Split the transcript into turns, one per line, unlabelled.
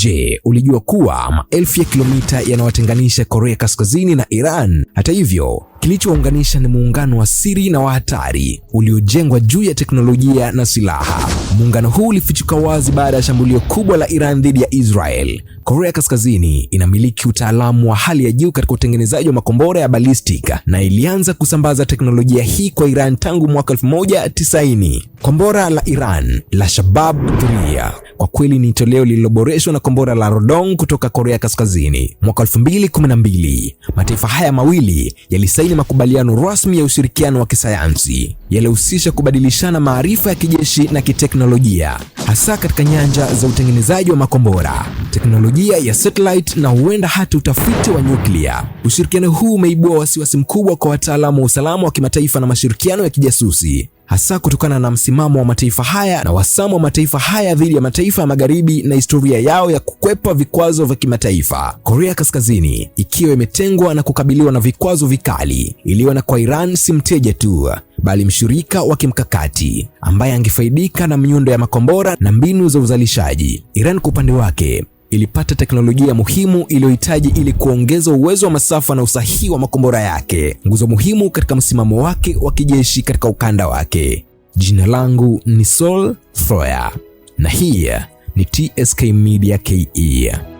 Je, ulijua kuwa maelfu ya kilomita yanawatenganisha Korea Kaskazini na Iran? Hata hivyo, kilichounganisha ni muungano wa siri na wa hatari uliojengwa juu ya teknolojia na silaha. Muungano huu ulifichuka wazi baada ya shambulio kubwa la Iran dhidi ya Israel. Korea Kaskazini inamiliki utaalamu wa hali ya juu katika utengenezaji wa makombora ya balistika na ilianza kusambaza teknolojia hii kwa Iran tangu mwaka 1990. Kombora la Iran la Shabab 3 kwa kweli ni toleo lililoboreshwa na kombora la Rodong kutoka Korea Kaskazini. Mwaka 2012, mataifa haya mawili yalisaini makubaliano rasmi ya ushirikiano wa kisayansi yaliyohusisha kubadilishana maarifa ya kijeshi na kiteknolojia teknolojia hasa katika nyanja za utengenezaji wa makombora, teknolojia ya satellite na huenda hata utafiti wa nyuklia. Ushirikiano huu umeibua wasiwasi mkubwa kwa wataalamu wa usalama wa kimataifa na mashirikiano ya kijasusi hasa kutokana na msimamo wa mataifa haya na wasamo wa mataifa haya dhidi ya mataifa ya magharibi na historia yao ya kukwepa vikwazo vya kimataifa. Korea Kaskazini ikiwa imetengwa na kukabiliwa na vikwazo vikali, iliona kwa Iran si mteja tu, bali mshirika wa kimkakati ambaye angefaidika na miundo ya makombora na mbinu za uzalishaji. Iran kwa upande wake ilipata teknolojia muhimu iliyohitaji ili kuongeza uwezo wa masafa na usahihi wa makombora yake, nguzo muhimu katika msimamo wake wa kijeshi katika ukanda wake. Jina langu ni Sol Floya na hii ni TSK Media KE.